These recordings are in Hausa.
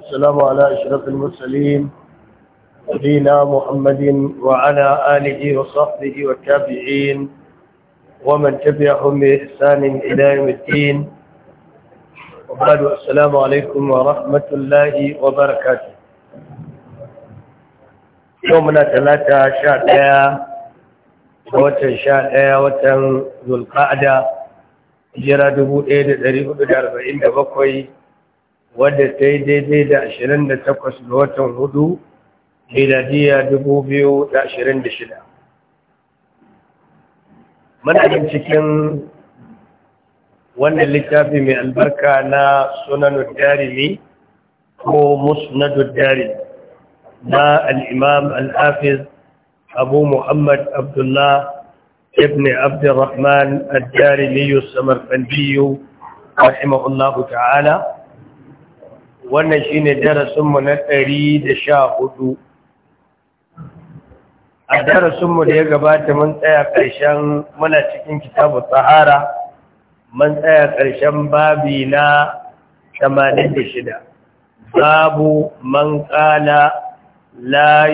السلام على أشرف المرسلين نبينا محمد وعلى آله وصحبه والتابعين ومن تبعهم بإحسان إلى يوم الدين وبعد السلام عليكم ورحمة الله وبركاته يومنا ثلاثة شهر watan sha ɗaya watan zulƙa'ada jira dubu ɗaya da ɗari hudu da arba'in da bakwai wadda ta yi daidai da 28 ga watan hudu miladiya 2026 muna yin cikin wannan littafi mai albarka na sunanar darimi ko musnadar darimi na al'imam al'afiz abu muhammad abdullah ابن al الرحمن الدارمي السمرقندي رحمه الله Ta'ala. wannan shi shine darasinmu na ɗari da sha hudu. a darasinmu da ya gabata mun tsaya ƙarshen muna cikin kitabu tsahara mun tsaya ƙarshen babi na shida. babu man ƙala la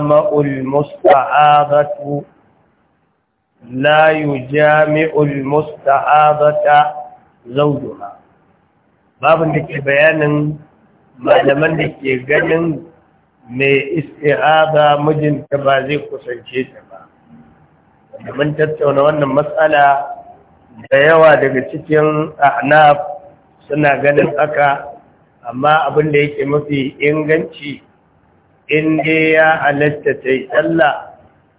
ma'ul musta'adatu la yujami'ul musta'adata zawjuha babin da ke bayanin malaman da ke ganin mai isti'aza mijinta ba zai kusance ta ba domin tattauna wannan matsala da yawa daga cikin ana suna ganin haka amma abin da yake mafi inganci in dai ya halatta ta yi tsalla,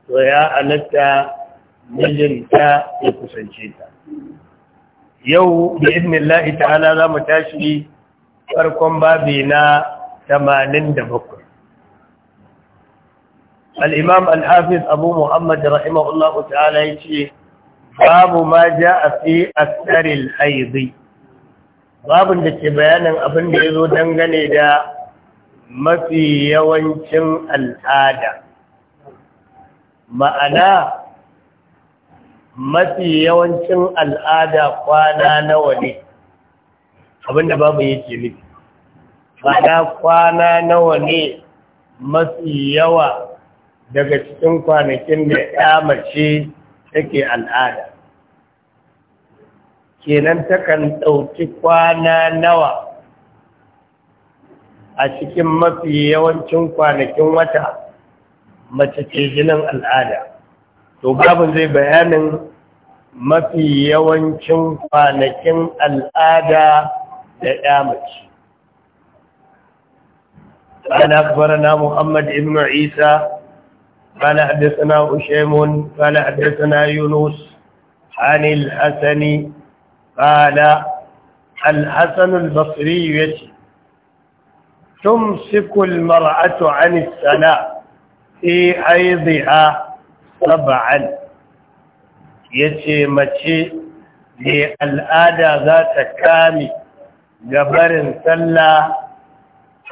to ya halatta mijinta ya kusance ta yau da ta'ala za mu tashi farkon babi na 87 al'imam al'afis abu muhammad rahimahullah ta'ala ya ce babu ma ja a fi asarin haizi babin da ke bayanin abin da ya zo dangane da mafi yawancin al'ada ma'ana mafi yawancin al'ada kwana nawa ne abinda babu yake nufi kwana kwana nawa ne mafi yawa daga cikin kwanakin da ya mace take al'ada kenan takan ɗauki kwana nawa a cikin mafi yawancin kwanakin wata mace ke jinin al'ada to babin zai bayanin mafi yawancin kwanakin al'ada da yamaci قال أخبرنا محمد بن عيسى قال حدثنا أشيمون قال حدثنا يونس عن الحسن قال الحسن البصري يتي تمسك المرأة عن الصلاة في حيضها saba'an ya ce mace ne al'ada za ta kame gabarin sallah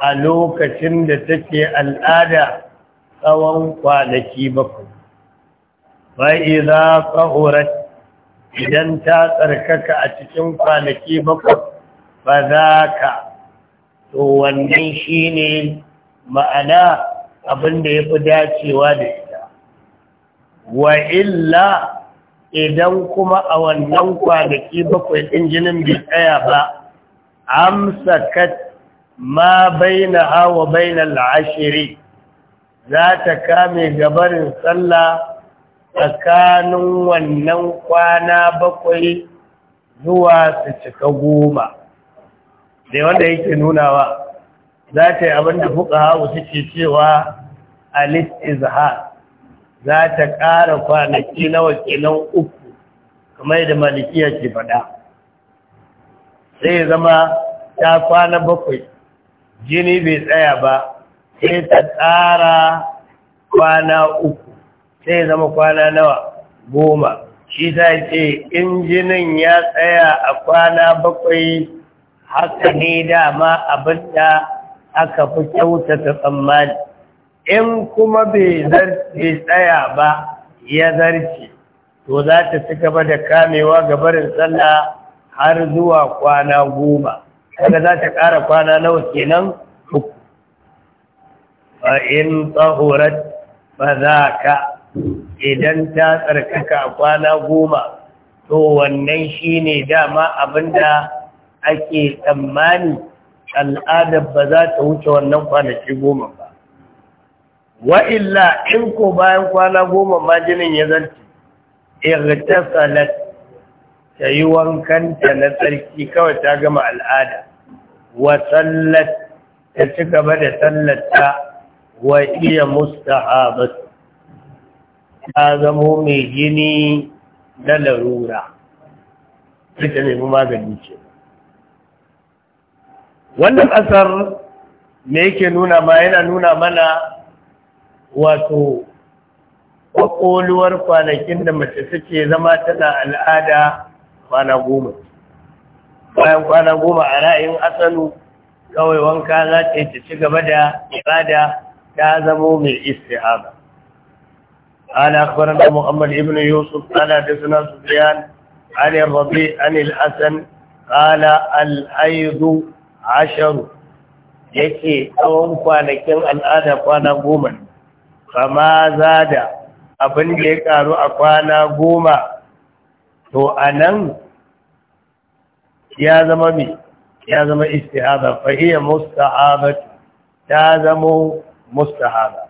a lokacin da take al'ada tsawon kwanaki bakwai ba'i za horar idan ta tsarkaka a cikin kwanaki bakwai ba za ka to wannan shi ne ma'ana abinda ya fi dacewa da shi wa illa idan kuma a wannan kwanaki bakwai ɗin jinin bai tsaya ba amsa kat ma baina hawa baina al'ashiri za ta kame gabarin sallah tsakanin wannan kwana bakwai zuwa su cika goma da wanda yake nunawa za ta yi abinda fuka hau suke cewa izhar za ta ƙara kwanaki na wakilan uku kamar da malikiya ke faɗa sai zama ta kwana bakwai jini bai tsaya ba sai ta ƙara kwana uku sai zama kwana nawa goma shi ta ce in jinin ya tsaya a kwana bakwai haka ne dama abinda aka fi kyautata tsammani in kuma bai tsaya ba ya zarce to za ta ci gaba da kamewa ga barin tsalla har zuwa kwana goma Kada za ta ƙara kwana nawa kenan Ba in tsahorat ba za ka idan ta tsarkaka kwana goma to wannan shi ne dama abinda ake tsammani al'adar ba za ta wuce wannan kwanaki goma ba wa illa in ko bayan kwana goma ma jinin ya zarce Salat ta yi wankanta na tsarki kawai ta gama al'ada wa sallat ta ci gaba da sallata wa iya mustahabat ta zamo mai gini na larura ita nemi magani ce wannan ƙasar me yake nuna ma yana nuna mana wato ƙwaƙoluwar kwanakin da mace suke zama tana al'ada kwana goma bayan kwana goma a ra'ayin asalu, kawai wanka za ta yi ci gaba da ibada ta zamo mai istihaba قال أخبرنا محمد ابن يوسف قال حدثنا سفيان عن الربيع عن الحسن قال الحيض عشر yake tsawon kwanakin al'ada kwana goma kama za da abin da ya karu a kwana goma to a nan ya zama mi. ya zama istihada fahiyar mustahaba ta zama mustahaba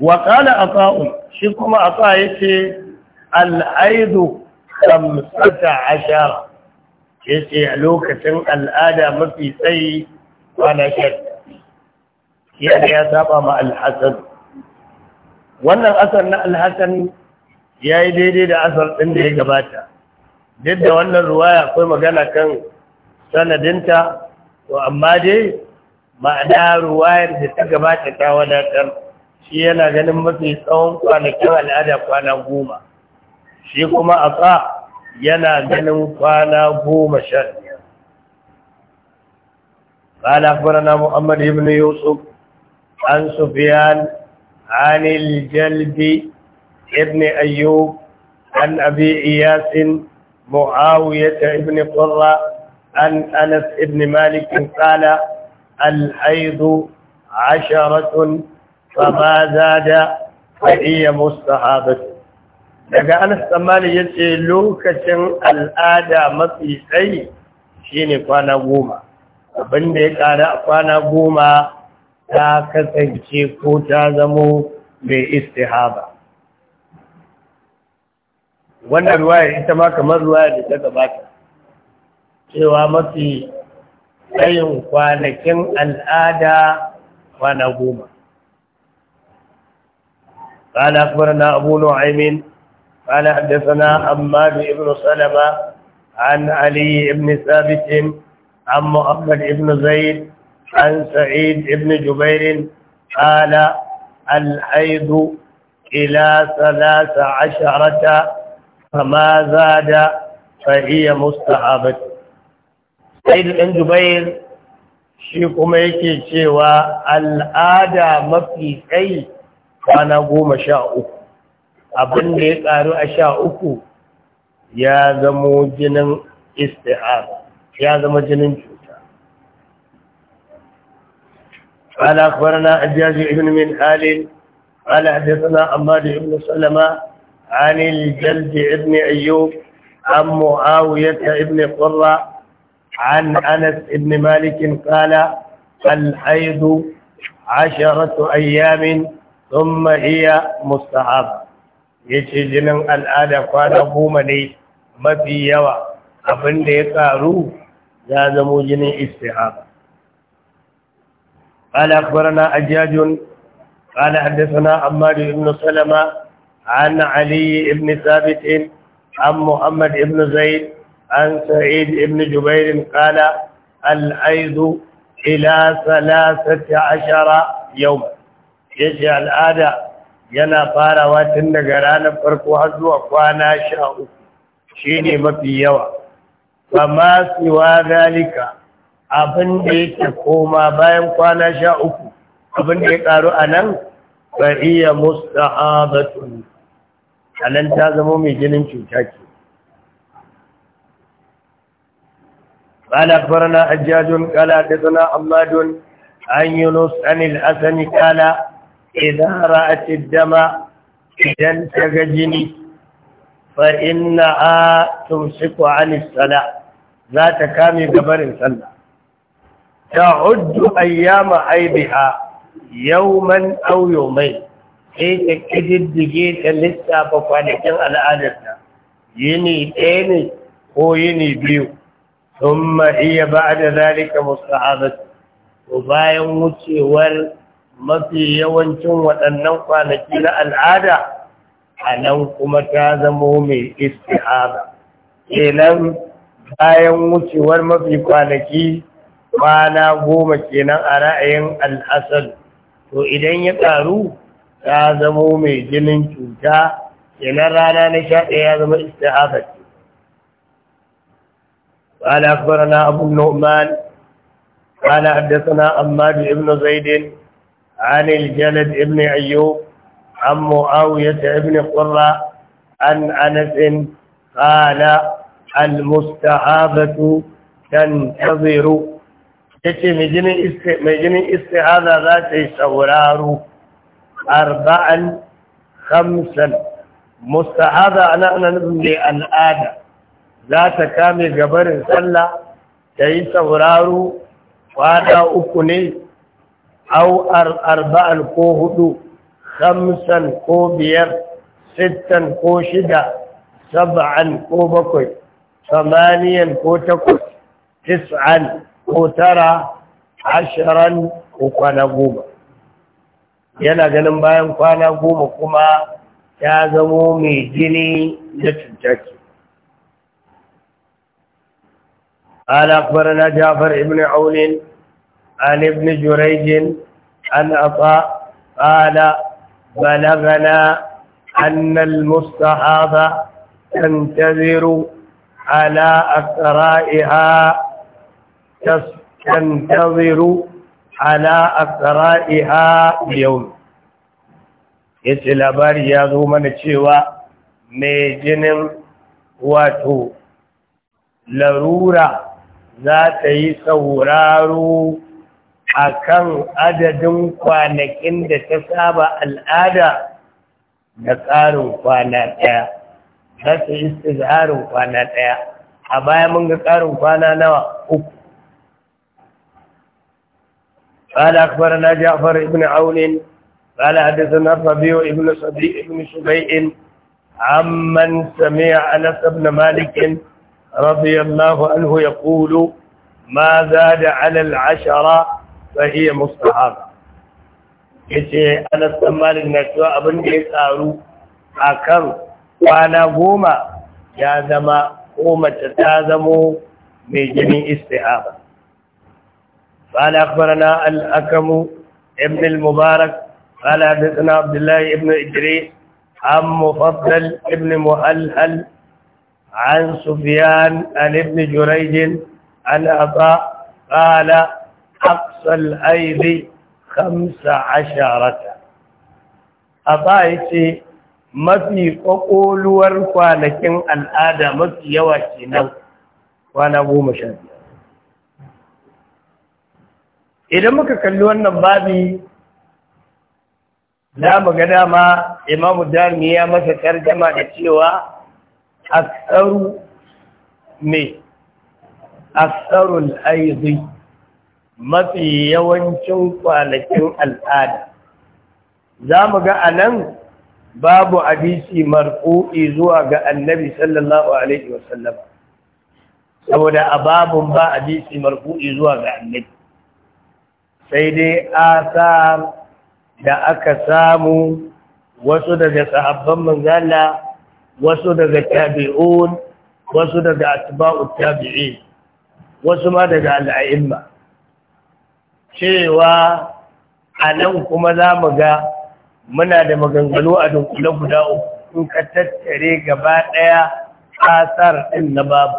wa kala shi kuma afa ya ce al'aidu kamsata ashara ya ce a lokacin al'ada mafi tsayi Ya ne ya saba ma al'asadu wannan asar na alhassani ya yi daidai da asar ɗin da ya gabata duk da wannan ruwaya akwai magana kan sanadinta to amma dai ma'ana ruwayar da ta gabata ta wadatar shi yana ganin mafi tsawon kwanakin al'ada kwana goma shi kuma a tsa yana ganin kwana goma sha biyar قال أخبرنا محمد بن yusuf an sufiyan عن الجلب ابن أيوب عن أبي إياس معاوية ابن قرة عن أنس ابن مالك قال الحيض عشرة فما زاد فهي مستحابة daga Anas Tsammani ya lokacin al'ada mafi sai shine kwana goma abinda ya ƙara a kwana goma ta kasance ko ta zamo mai istihaba wannan ruwaya ita ma kamar ruwaya da ta gabata cewa mafi tsayin kwanakin al'ada kwana goma قال أخبرنا أبو نعيم قال حدثنا حماد بن سلمة عن علي بن ثابت عن محمد بن زيد عن سعيد بن جبير قال الحيض إلى asharata عشرة فما زاد فهي مستحبة سعيد بن جبير shi kuma yake cewa al'ada mafi tsayi kwana goma sha uku abin da ya ƙaru a sha uku ya zamo jinin istihar قال أخبرنا حجاج بن من آل قال حدثنا عماد بن سلمة عن الجلد بن أيوب عن معاوية بن قرة عن أنس بن مالك قال الحيض عشرة أيام ثم هي مستحب yace jinin al'ada kwana goma ne mafi yawa abin da ya karu ya zamo jinin istihaba قال أخبرنا أجاج قال حدثنا عمار بن سلمة عن علي بن ثابت عن محمد بن زيد عن سعيد بن جبير قال الأيض إلى ثلاثة عشر يوما يجي الآداء yana farawa tun daga ranar farko har zuwa kwana sha uku shi ne mafi yawa ba ma siwa zalika abin da yake koma bayan kwana sha uku abin da ya ƙaru a nan bariya musta a a nan ta zama mai jinin cuta ke ƙalabar na ajiyajun ƙala da suna amadun an yi nusanin asani kala, idan ra'ati dama idan ta ga jini fa'in na a tumsiku sana, za ta kame gabarin sallah ta'uddu ayyama aibiha yawman aw mai. sai ta kididdige ta lissafa kwanakin al'adarta yini ɗaya ne ko yini biyu ثم هي بعد ذلك مستحاضة bayan wucewar mafi yawancin waɗannan kwanaki na al'ada a nan kuma ta zamo mai istihada kenan bayan wucewar mafi kwanaki kwana goma kenan a ra'ayin alasal to idan ya ƙaru ya zama mai jinin cuta kenan rana na sha ɗaya ya zama istihazar ce قال أخبرنا أبو النؤمان قال حدثنا عماد بن زيد عن الجلد بن أيوب عن معاوية بن قرة عن أنس قال المستحابة تنتظر ta ce mai jinin istihaza za ta yi sauraro arba'an hamsan mustahaza a nan nufin mai al'ada za ta kame gabarin sallah ta yi sauraro kwada uku ne au arba'an ko hudu hamsan ko biyar sittan ko shida saba'an ko bakwai samaniyan ko takwas tis'an kotara ashirin kwana goma yana ganin bayan kwana goma kuma ya zamo mai jini na cutaki alaƙar na jafar ibn aunin an ibn jurejin an afa ƙala balagana أن المستحاضة تنتظر على أسرائها تنتظر على أسرائها اليوم yace labari ya zo mana cewa mai jinin wato larura za ta yi sauraro a kan adadin kwanakin da ta saba al'ada da ƙarin kwana ɗaya za ta yi istizarin kwana ɗaya a baya mun ga ƙarin kwana nawa uku قال أخبرنا جعفر بن عون قال حدثنا الربيع بن صديق بن شبيع عمن سمع أنس بن مالك رضي الله عنه يقول ما زاد على العشرة فهي مستحاضة yace Anas dan Malik na cewa abin da ya tsaru akan kwana goma ya zama ko mace ta zamo mai jinin istihaba قال أخبرنا الأكم ابن المبارك قال حدثنا عبد الله ابن إدريس عن مفضل ابن مهلهل عن سفيان عن ابن جريج عن عطاء قال أقصى الأيدي خمس عشرة عطاء يتي mafi ƙwaƙoluwar kwanakin al'ada mafi yawa kenan kwana goma sha idan muka kalli wannan babi za mu ga dama imamu darmi ya masa tarjama da cewa aksaru a aksarul aidi mafi yawancin kwanakin al'ada za mu ga anan babu abisi marfu'i zuwa ga annabi sallallahu alaihi wasallam saboda a babun ba abisi marfu'i zuwa ga annabi sai dai asar da aka samu wasu daga sahabban manzala wasu daga tabi'un wasu daga atba'ut tabi'i wasu ma daga al'a'imma cewa a nan kuma za mu ga muna da maganganu a dunkule guda uku in ka tattare gaba ɗaya asar ɗin na babu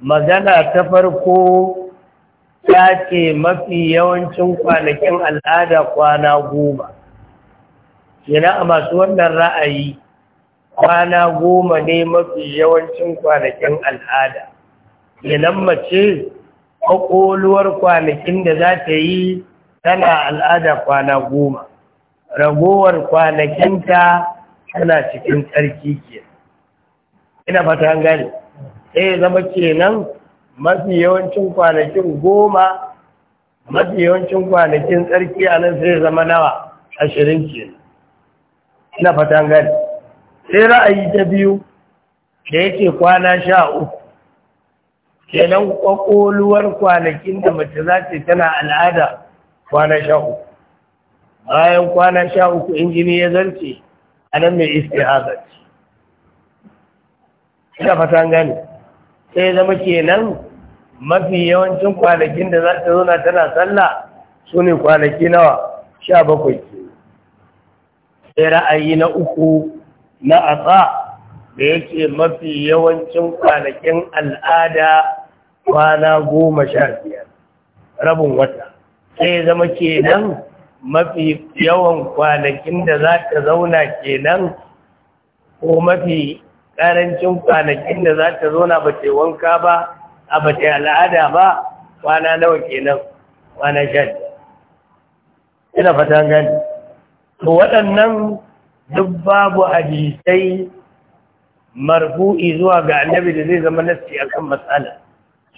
magana ta farko Ya ce mafi yawancin kwanakin al'ada kwana goma yana a masu wannan ra'ayi kwana goma ne mafi yawancin kwanakin al'ada yanan mace ƙwaƙoluwar kwanakin da za ta yi tana al'ada kwana goma ragowar kwanakinta tana cikin tsarki ke ina fata gani sai eh, zama kenan mafi yawancin kwanakin goma mafi yawancin kwanakin tsarki a nan sai zama nawa ashirin ke na fatan gani sai ra'ayi ta biyu da yake kwana sha uku kenan kwakwaluwar kwanakin da mace za ce tana al'ada kwana sha uku bayan kwana sha uku injini ya zarce a nan mai iske ce ina fatan gani sai zama kenan mafi yawancin kwanakin da za ta zauna tana sallah su ne kwanaki nawa sha bakwai sai ra'ayi na uku na asa da yake mafi yawancin kwanakin al'ada kwana goma sha biyar rabin wata sai zama kenan mafi yawan kwanakin da za ta zauna kenan ko mafi karancin kwanakin da za ta bata ba ce wanka ba a ba ce al'ada ba kwana nawa kenan kwana sha ina fata gani to waɗannan duk babu hadisai marfu'i zuwa ga annabi da zai zama nasi kan matsala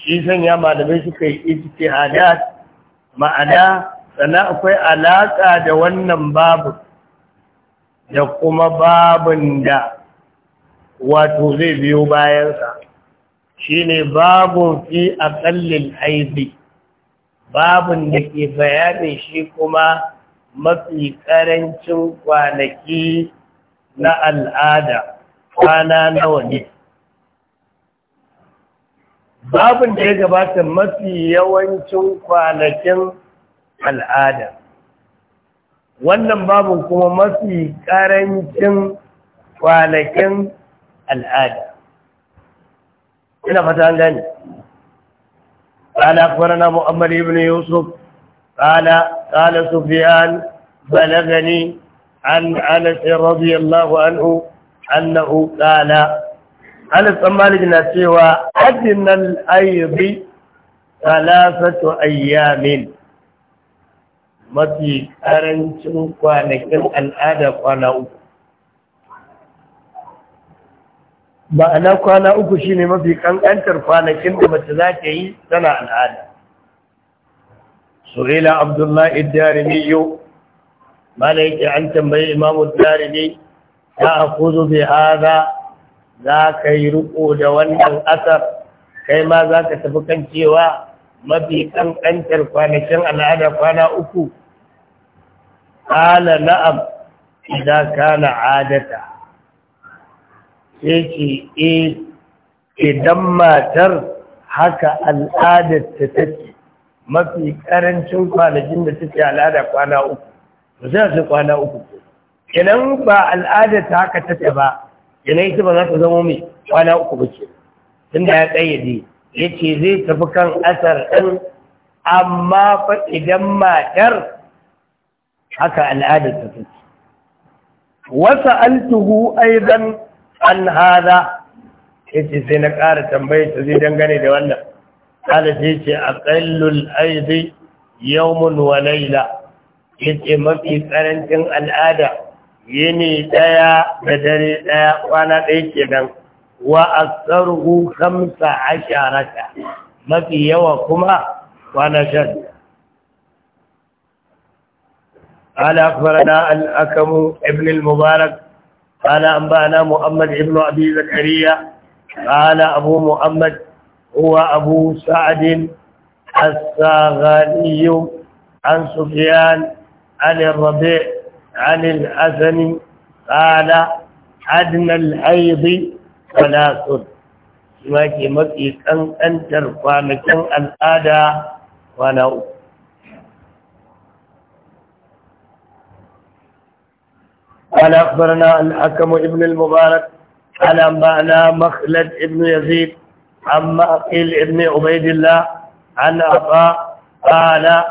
shi san ya malamai suka yi ijtihadat ma'ana sana akwai alaƙa da wannan babu da kuma babun da wato zai biyo bayansa shine babun fi aqallil haizi babun da ke bayani shi kuma mafi karancin kwanaki na al'ada kwana nawa ne babun da ya gabata mafi yawancin kwanakin al'ada wannan babun kuma mafi karancin kwanakin al'ada ina fata an gane قال أخبرنا محمد بن يوسف قال قال سفيان بلغني عن أنس رضي الله عنه أنه قال أنس مالك نسيوى أدنى الأيض ثلاثة أيام mafi ƙarancin kwanakin al'ada kwana uku ma'ana kwana uku shine mafi kankantar kwanakin da mace za ta yi tana al'ada su'ila abdullahi darimi yau mala yake an tambayi imamu darimi ta akuzu bi haza za ka yi riko da wannan asar kai ma za ka tafi kan cewa mafi kankantar kwanakin al'ada kwana uku ƙala na'am idan kana adata Yake e eh, idan matar haka al'adar ta take mafi karancin kwanakin da take al'ada kwana uku ba za su kwana uku idan ba al'adar ta haka take ba idan ita ba za ta zama mai kwana uku ba ce tunda ya kayyade ya ce zai tafi kan asar ɗin amma fa idan matar haka al'adar ta take wasa altuhu aidan an hada yace sai na ƙara tambaye ta zai dangane da wannan kala sai ce aqallul aidi yawmun wa layla yace mafi karancin al'ada yini daya da dare ɗaya kwana daya kenan wa aktsaruhu khamsa asharata mafi yawa kuma kwana shan قال أكبرنا الأكم ابن المبارك قال أنبأنا محمد بن أبي زكريا قال أبو محمد هو أبو سعد الساغاني عن سفيان عن الربيع عن الحسن قال أدنى الحيض ثلاث ما كي مكي كان أنتر فانكن الآداء ونوت قال أخبرنا الحكم ابن المبارك على انبانا مخلد ابن يزيد عن قيل ابن عبيد الله عن أبا قال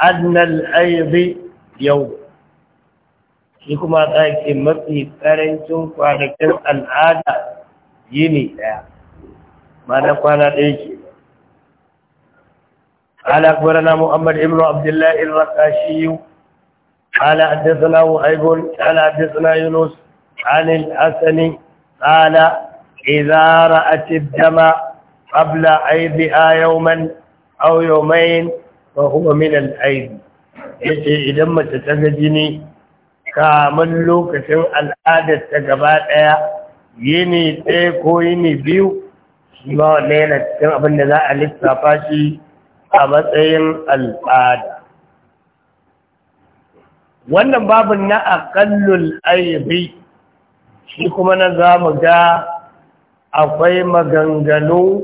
أدنى الأيض يوم شكما ذلك مرتي فرنسون فانكتن العادة يني ما نقوانا ديش قال أخبرنا محمد ابن عبد الله الرقاشي قال حدثنا وهيب قال حدثنا يونس عن الحسن قال إذا رأت الدم قبل عيبها يوما أو يومين فهو من العيب idan mace ta ga jini kamun lokacin al'adar ta gaba ɗaya yini ɗaya ko yini biyu shi ma wannan yana cikin abin da za a lissafa shi a matsayin al'ada wannan babin na aƙallul aibi shi kuma na za mu ga akwai maganganu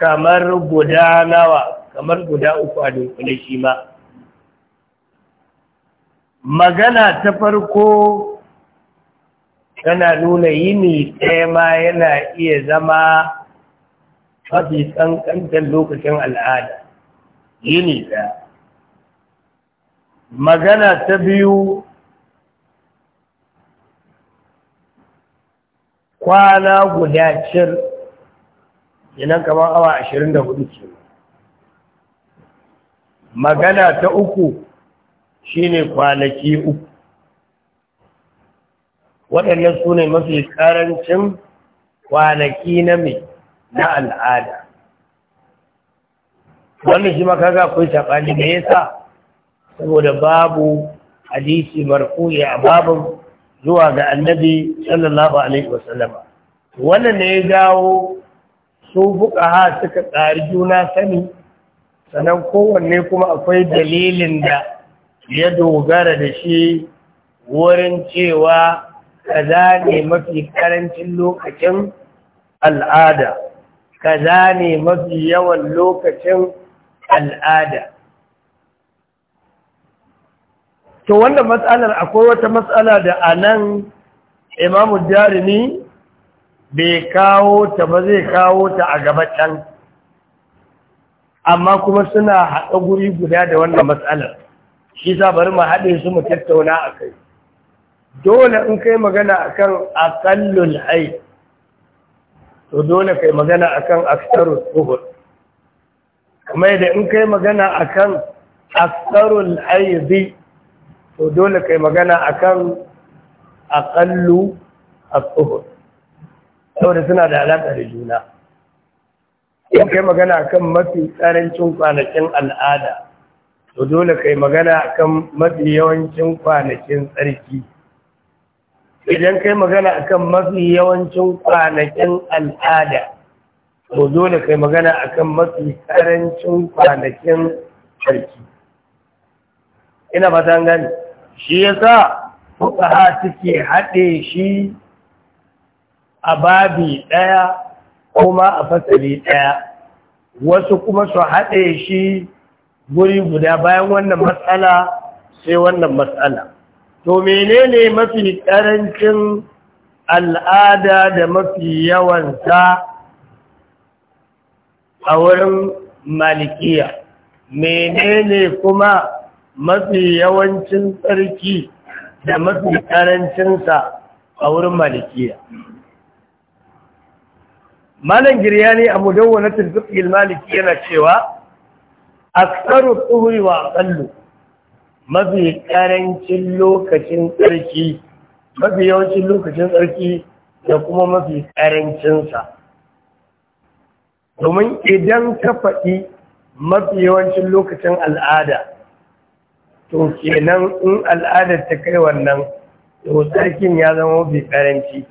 kamar guda nawa kamar guda uku a dunkule shi ma magana ta farko tana nuna yini ne tsema yana iya zama mafi tsankantar lokacin al'ada ne magana ta biyu kwana guda cir idan kamar awa ashirin da hudu ce magana ta uku shine kwanaki uku waɗannan su ne mafi ƙarancin kwanaki na mai na al'ada wannan shi makaga akwai saɓani da ya sa saboda babu hadisi marfu'i a babu zuwa ga annabi sallallahu alaihi wasallama wannan ne ya dawo su ha suka ƙari juna sani sannan kowanne kuma akwai dalilin da ya dogara da shi wurin cewa kaza ne mafi karancin lokacin al'ada kaza ne mafi yawan lokacin al'ada to wannan matsalar akwai wata matsala da a nan imamu jarumi bai kawo ta ba zai kawo ta a gabatan amma kuma suna haɗa guri guda da wannan matsalar shi sa bari mu haɗe su mu tattauna a kai dole in kai magana akan akallun hai to dole kai magana akan aktharul tuhur Kuma yadda in kai magana akan aktharul aidi to dole kai magana akan aqallu as-suhur saboda suna da alaƙa da juna in kai magana akan mafi ƙarancin kwanakin al'ada to dole kai magana akan mafi yawancin kwanakin tsarki idan kai magana akan mafi yawancin kwanakin al'ada to dole kai magana akan mafi ƙarancin kwanakin tsarki ina fatan gani shi ya yasa fuqaha suke haɗe shi a babi ɗaya kuma a fasali ɗaya wasu kuma su haɗe shi guri guda bayan wannan matsala sai wannan matsala to menene mafi ƙarancin al'ada da mafi yawansa a wurin malikiya menene kuma mafi yawancin tsarki da mafi karancinsa a wurin malikiya malam ne a na fiqh maliki yana cewa tsaro tsuri wa tsallo, mafi karancin lokacin tsarki mafi yawancin lokacin tsarki da kuma mafi karancinsa domin idan ka faɗi mafi yawancin lokacin al'ada to kenan in al'adar ta kai wannan to tsarkin ya zama mafi karanci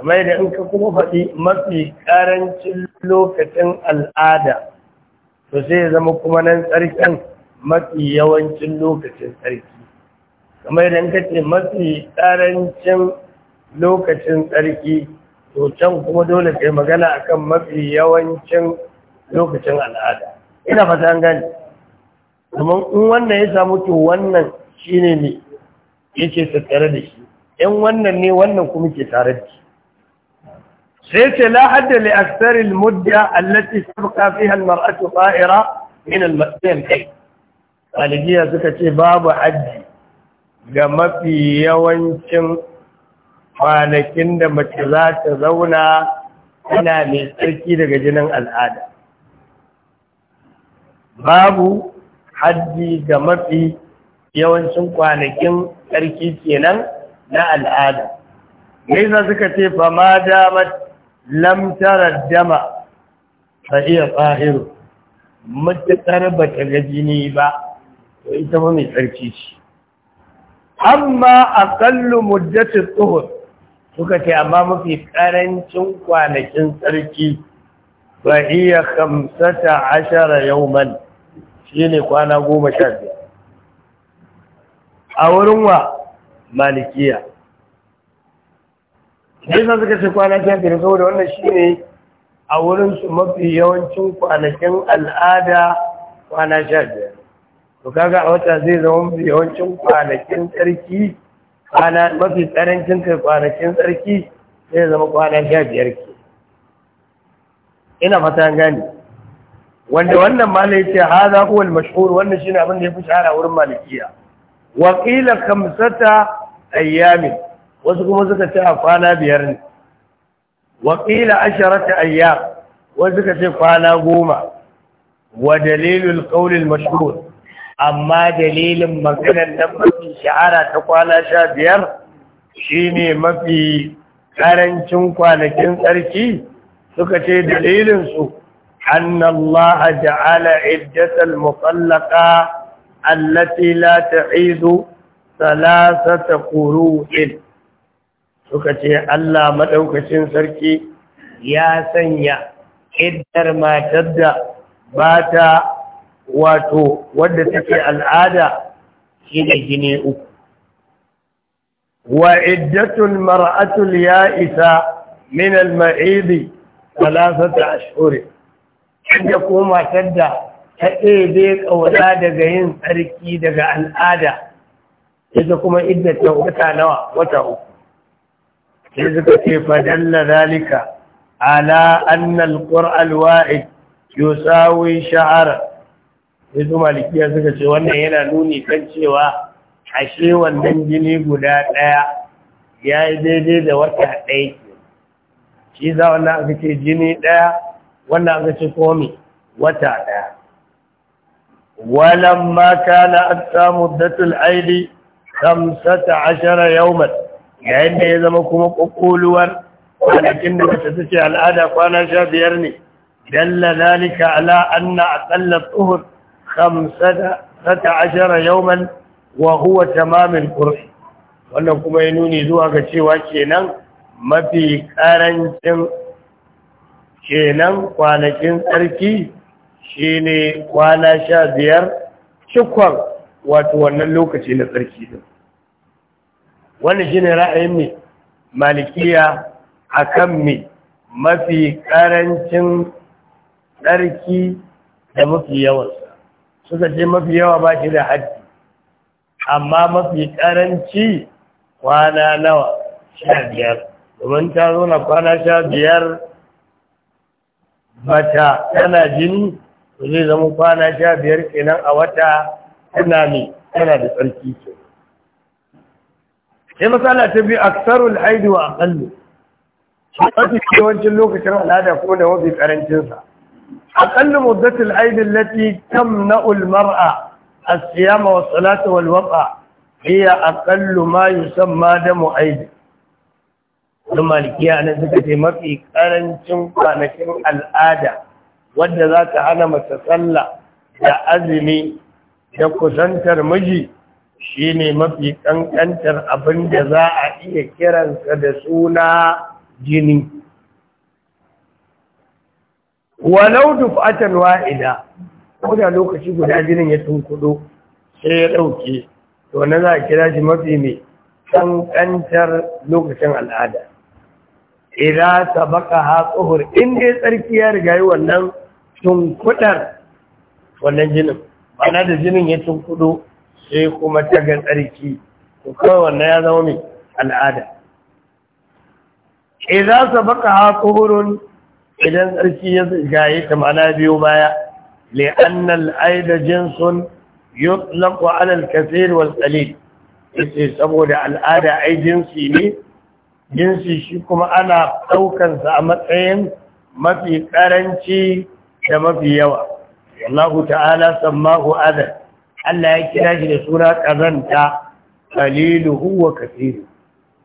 kamar da in ka kuma faɗi mafi karancin lokacin al'ada to sai ya zama kuma nan tsarkin mafi yawancin lokacin tsarki kamar da in ka ce mafi karancin lokacin tsarki to can kuma dole kai magana akan mafi yawancin lokacin al'ada ina fata an gani kuma in wannan ya samu to wannan shine ne yake tattare da shi Yan wannan ne wannan kuma ke tare da shi sai ce la li aksari al-mudda allati tabqa fiha al-mar'atu fa’ira min al kai alijiya suka ce babu hajji ga mafi yawancin kwanakin da mace za ta zauna ana mai tsarki daga jinin al'ada babu haddi ga mafi yawancin kwanakin tsarki kenan na al'ada nisa suka ce fa ma damar lam dama, fa iya tsahiru matuƙar ba ta ga jini ba to ita ba mai tsarki ce amma a aqallu muddatu tsohon suka ce amma mafi ƙarancin kwanakin tsarki ba iya kamsata ashara yau mani." shi ne kwana goma sha biyar a wurin wa malikiya nisan suka ce kwana sha biyar saboda wannan shi ne a wurin su mafi yawancin kwanakin al'ada kwana sha biyar to kaga a wata zai zama mafi yawancin kwanakin tsarki mafi tsarancin kai kwanakin tsarki zai zama kwana sha biyar ke ina fata gani wanda wannan malai ce haza huwa al-mashhur wannan ne abin da yafi shahara wurin malikiya wa Kamsata khamsata wasu kuma suka ce a kwana biyar ne wa asharata ayyam wasu suka ce kwana goma wa dalilin qawl al amma dalilin maganar da mafi shahara ta kwana sha biyar shine mafi karancin kwanakin tsarki suka ce dalilinsu أن الله جعل عدة المطلقة التي لا تعيد ثلاثة قروء سكتي الله مدوكسين سركي يا سنيا iddar matar da ba ta wato wadda take al'ada shi ne gine uku wa iddatul mar'atul ya isa min al-ma'idi talatata da ko matar da ta ɗebe ƙauna daga yin tsarki daga al'ada ita kuma ta wata nawa wata uku sai suka ce fadalla zalika ala annal qur'al wa'id yusawi sha'ara sai su malikiya suka ce wannan yana nuni kan cewa ashe wannan jini guda ɗaya ya yi daidai da wata ɗaya shi za wannan aka ce jini ɗaya wannan an zace komi wata daya walamma kana aqsa muddatul aidi 15 yawman ya inda ya zama kuma kokuluwar kwanakin da ta tace al'ada kwana 15 ne dalla zalika ala anna aqalla tuhur 15 yawman wa huwa tamam al-qur'an wannan kuma ya nuni zuwa ga cewa kenan mafi karancin kenan kwanakin tsarki shi ne kwana sha biyar cikon wato wannan lokaci na tsarki din wani shi ne ra'ayin mai malikiya a kan mai mafi ƙarancin tsarki da mafi yawansa suka ce mafi yawa ba shi da haddi amma mafi ƙaranci kwana nawa sha biyar domin ta zo na kwana sha biyar mata tana jini to zai zama kwana sha biyar kenan a wata tana ne tana da tsarki ce sai matsala ta biyu aksarul haidu a kallo mafi yawancin lokacin al'ada ko da mafi karancinsa akallu muddatul haidu lati tamna'ul mar'a a siyama was-salata wal-waqa hiya aqallu ma yusamma damu aidi wani malikiya nan suka ce mafi karancin kwanakin al'ada wadda za ta hana masa sallah da azumi da kusantar miji shi ne mafi ƙanƙantar abin da za a iya kiransa da suna jini walau dufatan wa'ida ko da lokaci guda jinin ya tunkudo sai ya ɗauke to na za a kira shi mafi mai ƙanƙantar lokacin al'ada idan sabaka ha tsohur in dai tsarki ya riga yi wannan tunkudar wannan jinin mana da jinin ya tunkudo sai kuma taga tsarki ko kawai wannan ya zama mai al'ada idan sabaka ha tsohurun idan tsarki ya riga yi ta mana biyu baya li'annal aida jinsun yutlaqu ala al-kathir wal qalil ce saboda al'ada ai jinsi ne jinsi shi kuma ana ɗaukansa a matsayin mafi ƙaranci da mafi yawa Allahu ta'ala sammahu adad Allah ya kira shi da suna ƙazanta qaliluhu huwa kathiru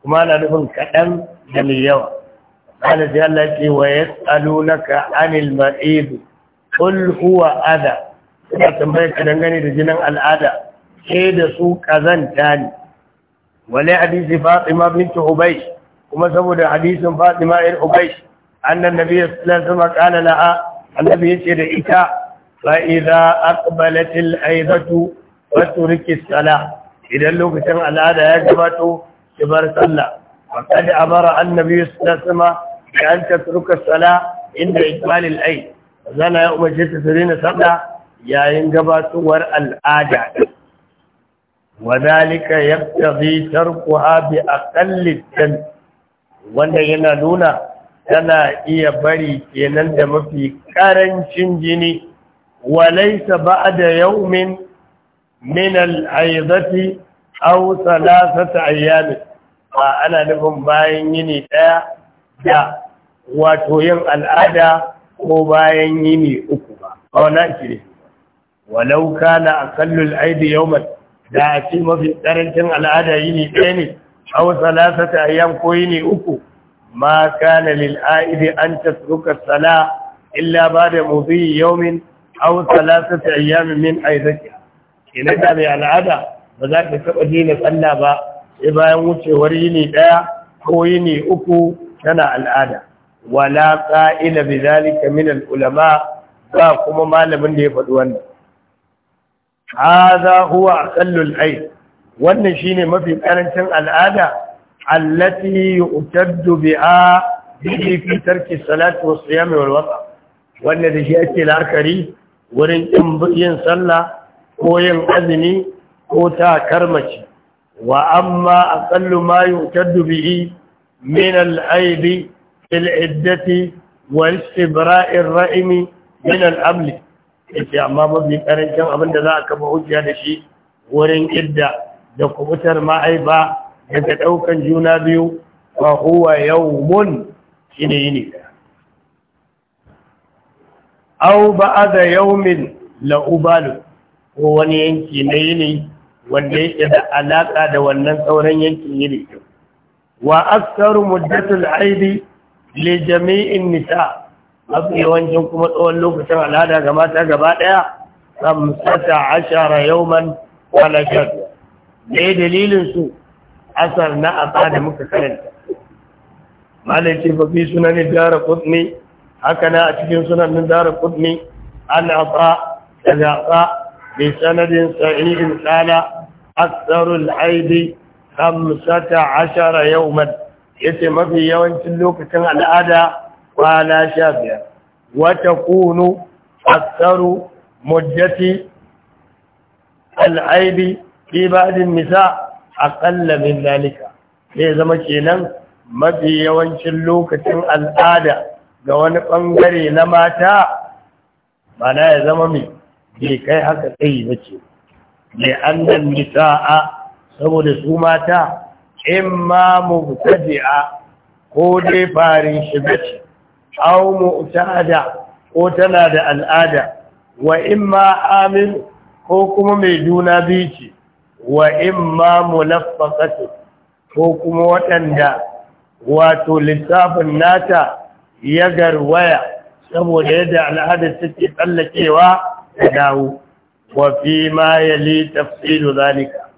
kuma ana nufin kaɗan da mai yawa Allah wa ya في na عن المعيد ƙul huwa ada, suna tambayar ka dangane da jinin al'ada Ke da su kazanta ne wale hadisi fatima bintu ubay kuma saboda hadisin Fatima ir Ubay annan nabi sallallahu alaihi wasallam la'a annabi yace da ita fa idza aqbalat al aidatu wa turki salah idan lokacin al'ada ya gabato ki bar sallah wa kad amara annabi sallallahu alaihi wasallam bi an tatruka salah inda ikmal al aid zana ya umarce ta sirina sallah yayin gabatowar al'ada وذلك يقتضي تركها بأقل الذنب wanda yana nuna tana iya bari kenan da mafi karancin jini walaisa ba da yaumin min al'aizati au salasata ayyami ba ana nufin bayan yini ɗaya da wato yin al'ada ko bayan yini uku ba a wana shiri walau kana akallul aidi yauman da a ce mafi ƙarancin al'ada yini ɗaya ne aw salasata ayyam ko yini uku ma kana lil aidi an tasruka sala illa ba'da mudhi yawmin aw salasata ayyam min aidati idan da mai al'ada ba za ka taba dina sallah ba sai bayan wucewar yini daya ko yini uku tana al'ada wala qa'ila bidhalika min al ulama ba kuma malamin da ya faɗi wannan hadha huwa aqallul aid wannan shine mafi ƙarancin al'ada allati yu'taddu biha bihi fi tarki salati was siyam wal wada wanda da shi ake la'akari wurin yin sallah ko yin azumi ko ta karmaci wa amma aqallu ma yu'taddu bihi min al-aidi fil iddati wal istibra'i ar-ra'imi min al-amli yace amma mafi karancin abin da za a kafa hujja da shi wurin idda da kubutar ma'aiba daga ɗaukan juna biyu wa huwa yawmun shine yini da aw ba'da yawmin la ubalu ko wani yanki na yini wanda yake da alaƙa da wannan sauran yankin yini wa aksaru muddatul aidi li jami'in nisa mafi yawancin kuma tsawon lokacin al'ada ga mata gaba daya samsata ashara yawman wala da ya su asar na asa da muka karanta malai ce fafi dara kudni haka na a cikin sunanin dara kudni an asa daga asa bi sanadin sa'irin tsala aksarul aidi hamsata ashara yauman ya ce mafi yawancin lokacin al'ada kwana sha biyar wata kunu aksaru mujjati al'aidi fi ba'din nisa aqalla min dalika zai zama kenan mafi yawancin lokacin al'ada ga wani ɓangare na mata mana ya zama mai bai kai haka tsayi ba ce mai annan nisa'a saboda su mata in ma mu mubtadi'a ko dai farin shiga ce ta ada ko tana da al'ada wa in ma amin ko kuma mai juna biyu ce wa imma mulaffaqatu ko kuma waɗanda wato lissafin nata ya garwaya saboda yadda al'adar take tsallakewa ta dawo wa fi ma yali tafsilu zalika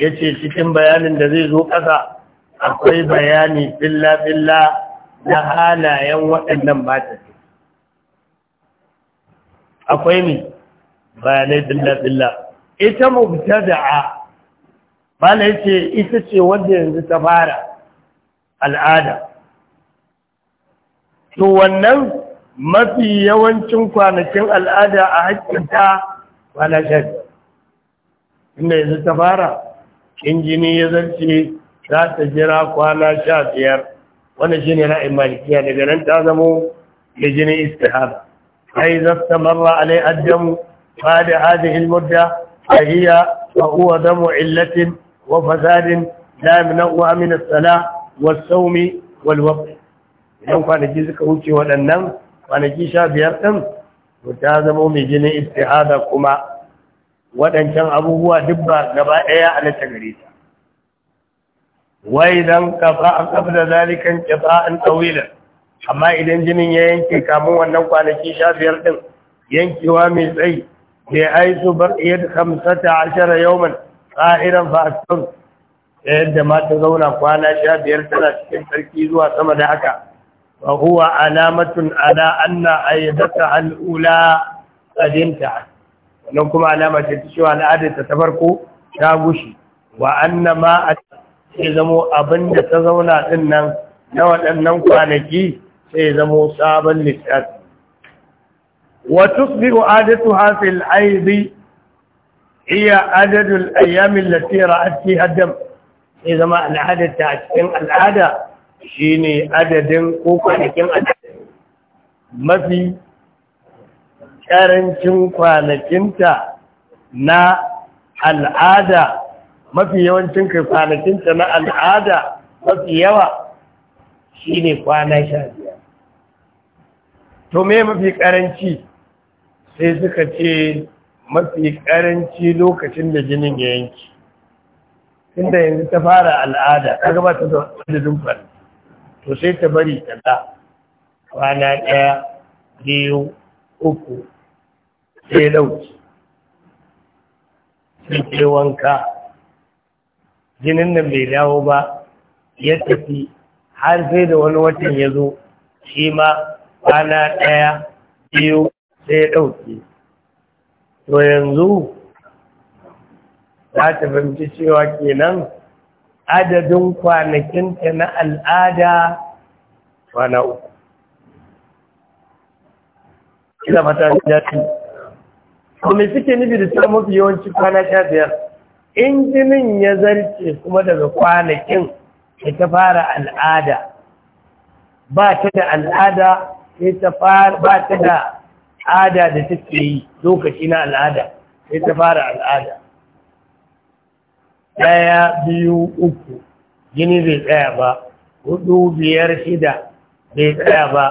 yace cikin bayanin da zai zo kasa. akwai bayani billa billa na halayen waɗannan mata akwai ne bayanai billa billa ita mubtada'a bala yace ita ce wanda yanzu ta fara al'ada to wannan mafi yawancin kwanakin al'ada a hakkinta wala shari inda yanzu ta fara in jini ya zarce za ta jira kwana sha biyar wanda shi ne ra'in malikiya daga nan ta zamo da jini istihara ai zasta marra alai addamu ba da hadin ilmudda a hiya wa huwa damu illatin وفساد لا يمنعها من الصلاة والصوم والوقت idan kwanaki suka wuce waɗannan kwanaki sha biyar ɗin to ta zama mai jinin istihada kuma waɗancan abubuwa duk ba ɗaya a nata gare ta wai kafa an kafa da zalikan kafa an tsawila amma idan jinin ya yanke kamun wannan kwanaki sha biyar ɗin yankewa mai tsayi bai aisu bar iya da kamsata ashara yauman sa'iran fa'astun da yadda mata zauna kwana sha biyar tana cikin sarki zuwa sama da haka wa huwa alamatun ala anna ayyadata al'ula tsadinta wannan kuma alama ce ta cewa al'adarta ta farko ta gushi wa anna ma a ce zamo abin da ta zauna ɗin nan na waɗannan kwanaki sai zamo sabon littafi wa tusbihu adatu hasil aidi iya adadul ayyamin lati ra'at fi haddam sai zama al'adar a cikin al'ada shine adadin ko kwanakin mafi ƙarancin kwanakinta na al'ada mafi yawancin kwanakinta na al'ada mafi yawa shine kwana sha biyar to me mafi ƙaranci sai suka ce mafi karanci lokacin da jinin ya yanki inda yanzu ta fara al'ada ta gaba ta da to sai ta bari ta da kwana ɗaya biyu uku sai dauki sai ke wanka jinin nan bai dawo ba ya tafi har sai da wani watan ya zo shi ma kwana ɗaya biyu sai ɗauke to yanzu za ta fahimci cewa kenan adadin kwanakinta na al'ada kwana uku ina fata ya ce to me suke nufi da ta mafi yawanci kwana sha biyar in ya zarce kuma daga kwanakin da ta fara al'ada ba ta da al'ada sai ba ta da al'ada da take yi lokaci na al'ada sai ta fara al'ada ɗaya biyu uku gini bai tsaya ba hudu biyar shida bai tsaya ba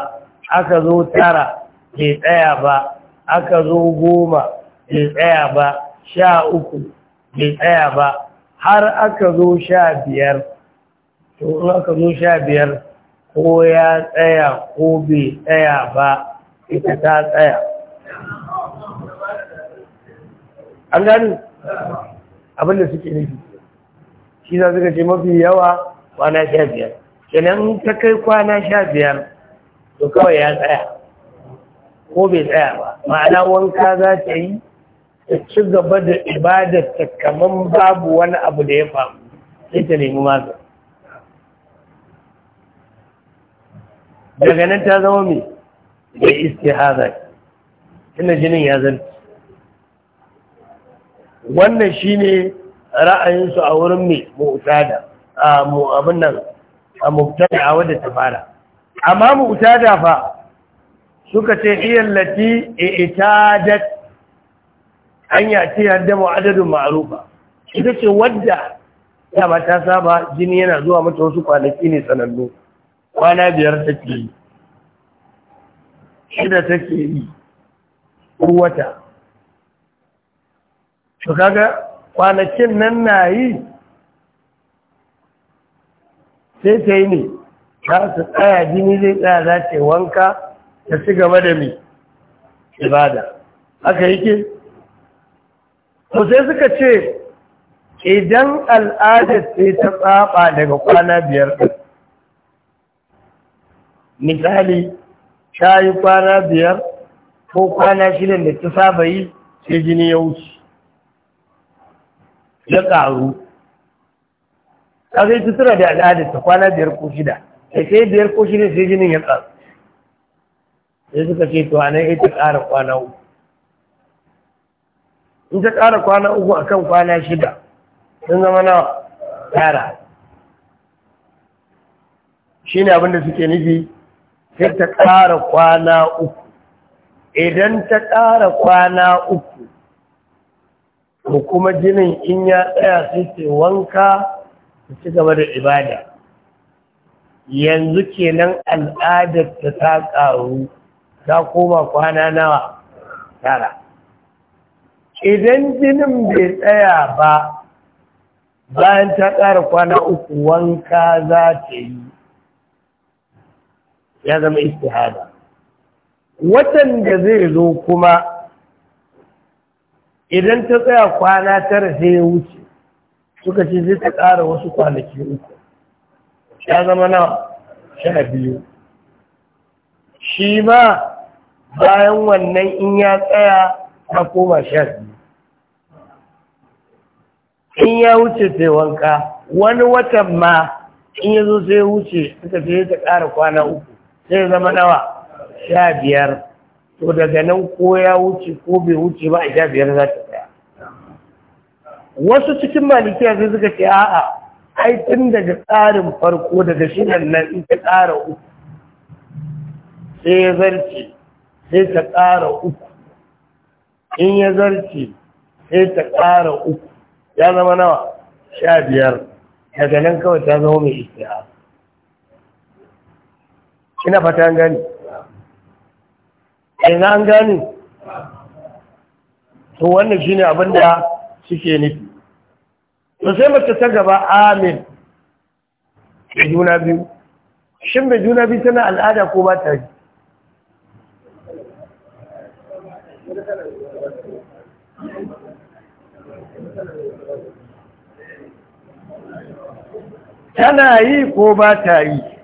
aka zo tara bai tsaya ba aka zo goma bai tsaya ba sha uku bai tsaya ba har aka zo sha biyar to in aka zo sha biyar ko ya tsaya ko bai tsaya ba ita ta tsaya an gani abinda suke nufi shi za su ce mafi yawa kwana sha biyar kenan ta kai kwana sha biyar to kawai ya tsaya ko bai tsaya ba ma'ana wanka za ta yi ta ci gaba da ta kamar babu wani abu da ya faru sai ta nemi magani daga nan ta zama mai da istihaza ina jinin ya zan wannan shine ra'ayinsu a wurin mai mu'tada a mu abin nan a a wadda ta fara amma mu'tada fa suka ce iyan lati i'tadat ce har hadda mu'adadun ma'rufa ita ce wadda ba ta saba jini yana zuwa mata wasu kwanaki ne sanannu kwana biyar take yi shida take yi kowata. to kaga kwanakin nan na yi sai ta yi ne za su tsaya jini zai tsaya za ta wanka ta ci gaba da mai ibada aka yi ke to sai suka ce idan al'adar sai ta tsaba daga kwana biyar ɗin, misali ta yi kwana biyar ko kwana shirin da ta saba yi sai jini ya wuce ya ƙaru ƙasai tutura da al'adarta kwana biyar ko shida da sai biyar ko shirin sai jinin ya ƙaru sai suka ce to yi ta ƙara kwana uku in ta ƙara kwana uku a kan kwana shida sun zama na tara shi ne abinda suke nufi sai ta ƙara kwana uku idan ta ƙara kwana uku ko kuma jinin in ya tsaya sai ta wanka ta ci gaba da ibada yanzu kenan al'adar ta ta ƙaru ta koma kwana nawa tara idan jinin bai tsaya ba bayan ta ƙara kwana uku wanka za ta yi ya zama istihada watan da zai zo kuma idan ta tsaya kwana tara sai ya wuce suka ce zai ta ƙara wasu kwanaki uku ya zama na sha biyu shi ma bayan wannan in ya tsaya ta koma sha biyu in ya wuce sai wanka wani watan ma in ya zo sai wuce suka ce ta ƙara kwana uku zai zama nawa sha biyar to daga nan ko ya wuce ko bai wuce ba a sha biyar za ta tsaya wasu cikin malikiya sai suka ce a'a ai tun daga tsarin farko daga shi nan nan in ka tsara uku sai ya zarce sai ta tsara uku in ya zarce sai ta tsara uku ya zama nawa sha biyar daga nan kawai ta zama mai isti'a ina fata an gani ina eh, an gani? to wannan shine abin da suke nufi to sai mace ta gaba amin juna biyu shin mai juna biyu tana al'ada ko ba ta yi tana yi ko ba ta yi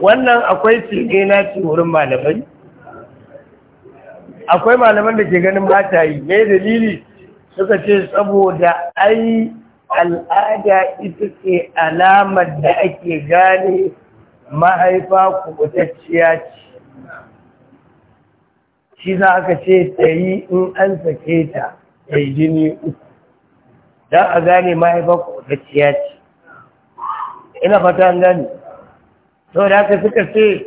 wannan akwai cikin na ci wurin malamai akwai malaman da ke ganin mata yi mai dalili suka ce saboda ai al'ada ita ce alamar da ake gane mahaifa kubutacciya ce shi za aka ce ta yi in an sake ta ta yi jini uku don a gane mahaifa kubutacciya ce ina fata gani saboda haka suka ce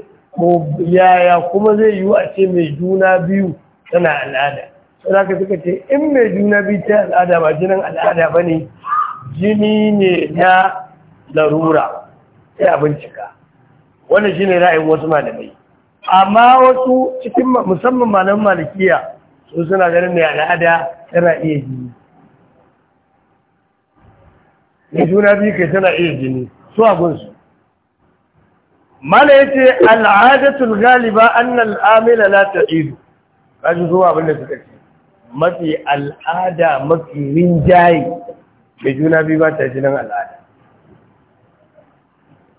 yaya kuma zai yiwu a ce mai juna biyu tana al'ada saboda haka suka ce in mai juna biyu ta al'ada ba jinin al'ada ba ne jini ne na larura sai a bincika wannan shine ra'ayin wasu malamai amma wasu cikin musamman malaman malikiya su suna ganin mai al'ada tana iya jini mai juna biyu kai tana iya jini su a gunsu Mana ya ce al'adatul galiba anna al'amila la ta'idu kaji zuwa abinda suka ce mafi al'ada mafi rinjaye da juna biyu ba ta nan al'ada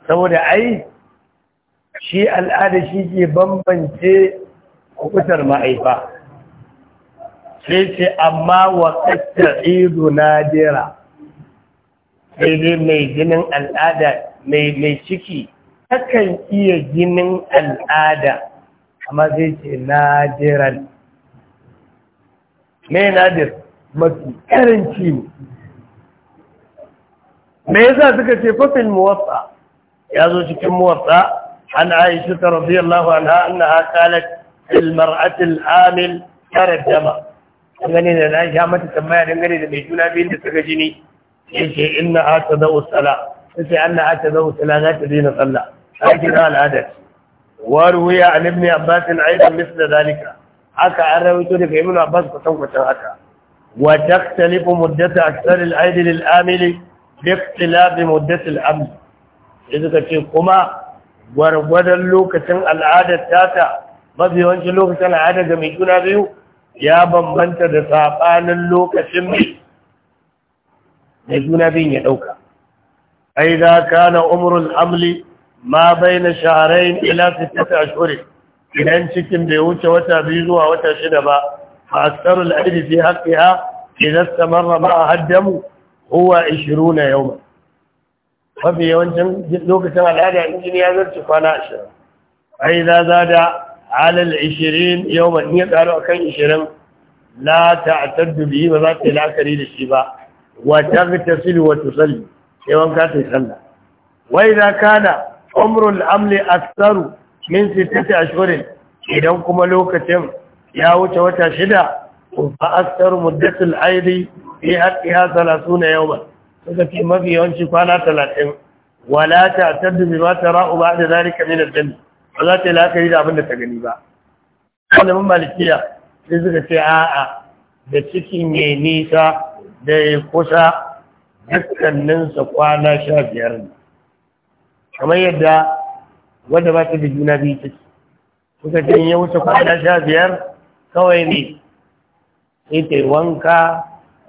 saboda ai shi al'ada shi ke bambance kukutar ma'aifa sai ce amma wa ƙasar ido nadira sai dai mai jinin al'ada mai ciki takan iya ginin al'ada amma zai ce nadiran mai nadir mafi karanci ne me yasa suka ce fafil muwatsa ya zo cikin muwatsa an aisha ta radiyallahu anha annaha qalat fil mar'ati al amil tarat dama dangane da na sha mata tambaya dangane da mai juna biyun da suka jini yace inna ha tadau sala sai annaha tadau sala za ta daina sallah aikin al'adar وروي عن ابن عباس da مثل ذلك an الراوي daga ibn abbas kusan kusan haka wa taktalifu muddata akthar al-aid lil-amil bi ikhtilaf muddat al-aml ce kuma gwargwadon lokacin al'adar tata mafi yawancin lokacin al'adar ga mai juna biyu ya bambanta da sabanin lokacin mai juna biyun ya ɗauka. ai za kana umrul amli ما بين شهرين إلى ستة أشهر الى إن شكم بيوت وتابيزوا وتشنبا فأكثر الأجل في حقها إذا استمر ما أهدم هو 20 يوما ففي يوم جدوك سمع الهدى عندما يزلت فانا أشهر فإذا زاد على العشرين يوما إن يتعلق كان عشرين لا تعتد به وذات إلى كريد الشباء وتغتسل وتصلي يوم يوانكات الخلق وإذا كان umrul amli aktsaru min sittati ashhurin idan kuma lokacin ya wuce wata shida fa aktsaru muddatul aidi fi haqqiha 30 yawman suka ce mafi yawanci kwana 30 wala ta'taddu bima tara'u ba'da zalika min ad-dam ba ta yi la'akari da abin da ta gani ba kalamin malikiya sai suka ce a'a da cikin ne nisa da ya kusa dukkaninsa kwana sha biyar ne kamar yadda wanda ba ta da juna biyu ta ce kuka ce ya wuce kwana sha biyar kawai ne sai ta wanka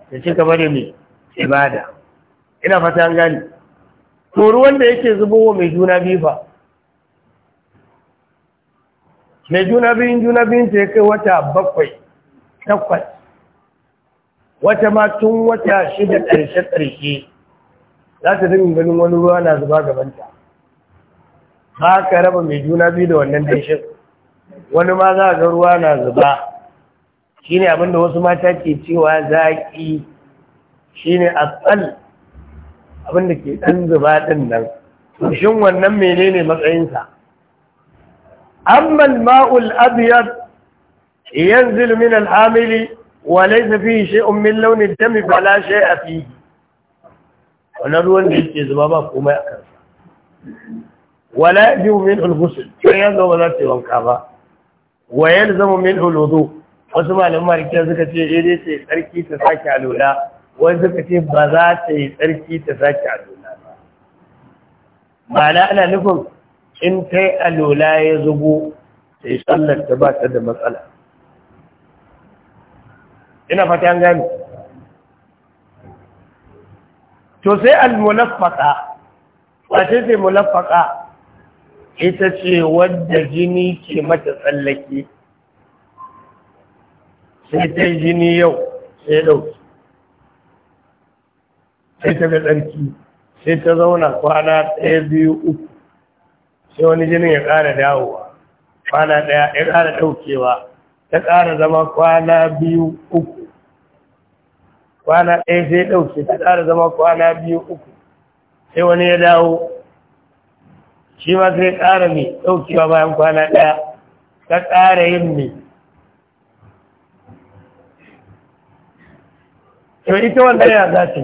ta ci gaba da mai ibada ina fata an gani to ruwan da yake zubowa mai juna biyu fa mai juna biyun juna biyun ta ya kai wata bakwai takwas wata ma tun wata shida ƙarshe-ƙarshe za ta dinga ganin wani ruwa na zuba gabanta ba ka raba mai juna biyu da wannan danshin wani ma za a ga ruwa na zuba Shi ne abinda wasu mata ke cewa Shi ne a tsal abinda ke ɗan zuba ɗin nan shin wannan menene matsayinsa amma ma'ul abiyar ummin launin ta وليس fala shi a fi wani ruwan da yake zuba ba komai a يكرر wala yajibu min al-ghusl sai yanzu ba za ta yi wanka ba wa zama min al-wudu wasu malaman malikiya suka ce eh dai sai tsarki ta sake a alula wani suka ce ba za ta yi tsarki ta sake alula ba ba na ana nufin in ta yi alula ya zubo sai sallar ta ba ta da matsala ina fata an gani to sai al-mulaffaka wace ce mulaffaka ita ce wadda jini ke mata tsallake sai ta jini yau sai ya ɗauki sai ta ga tsarki sai ta zauna kwana ɗaya biyu uku sai wani jinin ya ƙara dawowa kwana ɗaya ya ƙara ɗaukewa ta ƙara zama kwana biyu uku kwana ɗaya sai ɗauke ta ƙara zama kwana biyu uku sai wani ya dawo shi ma sai ƙara mai ɗaukewa bayan kwana ɗaya ka ƙara yin mai to ita wanda ya za ta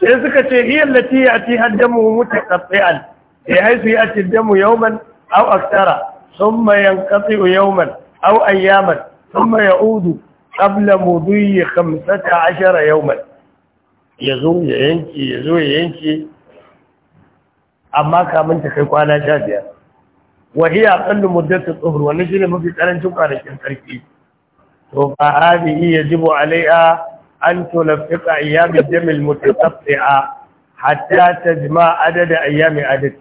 sai suka ce hiyar lati ya ci haddamu mutu ƙafi'an sai haisu ya ci damu yauman au aksara sun mayan ƙafi'u yauman au ayyaman sun maya udu ƙabla muduyi kamsata ashara yauman ya zo ya yanki ya zo ya yanki amma kamun ta kai kwana sha biyar wahiya aqallu muddatu dhuhr wannan shine mafi karancin kwanakin sarki to fa hadhihi yajibu alaiha an tulaffiqa ayyam ad-dam al-mutaqatti'a hatta tajma adad ayyami adad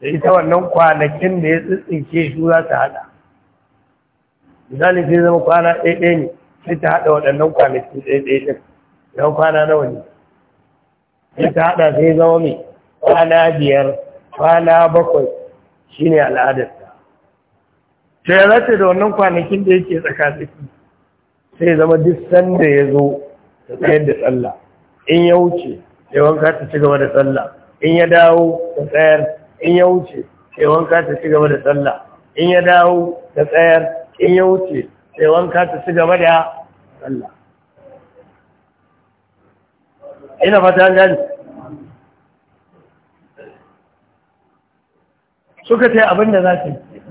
sai ita wannan kwanakin da ya tsitsinke su za ta hada misali sai zama kwana ɗaya ne sai ta hada waɗannan kwanakin ɗaya ɗaya ɗin yau kwana nawa ne sai ta hada sai zama mai kwana biyar kwana bakwai shi ne al'adarta. to ya zata da wannan kwanakin da yake tsakatsaki sai zama duk sanda ya zo ta tsayar da tsalla, in ya wuce ya wanka ta ci gaba da tsalla, in ya dawo ta tsayar in ya wuce ya wanka ta ci gaba da tsalla, in ya dawo ta tsayar in ya wuce ya wanka ta ci gaba da tsalla. ina fata gani suka ce abin da za su yi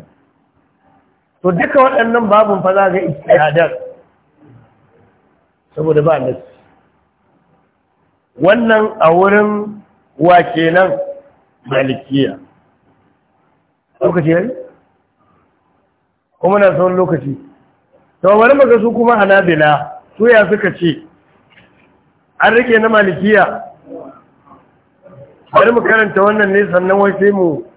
to duka waɗannan babin fa za ga istihadar saboda ba nasu wannan a wurin wake nan malikiya lokaci yari kuma na son lokaci to wani mu ga su kuma hanabila su ya suka ce an rike na malikiya bari mu karanta wannan ne sannan wai sai mu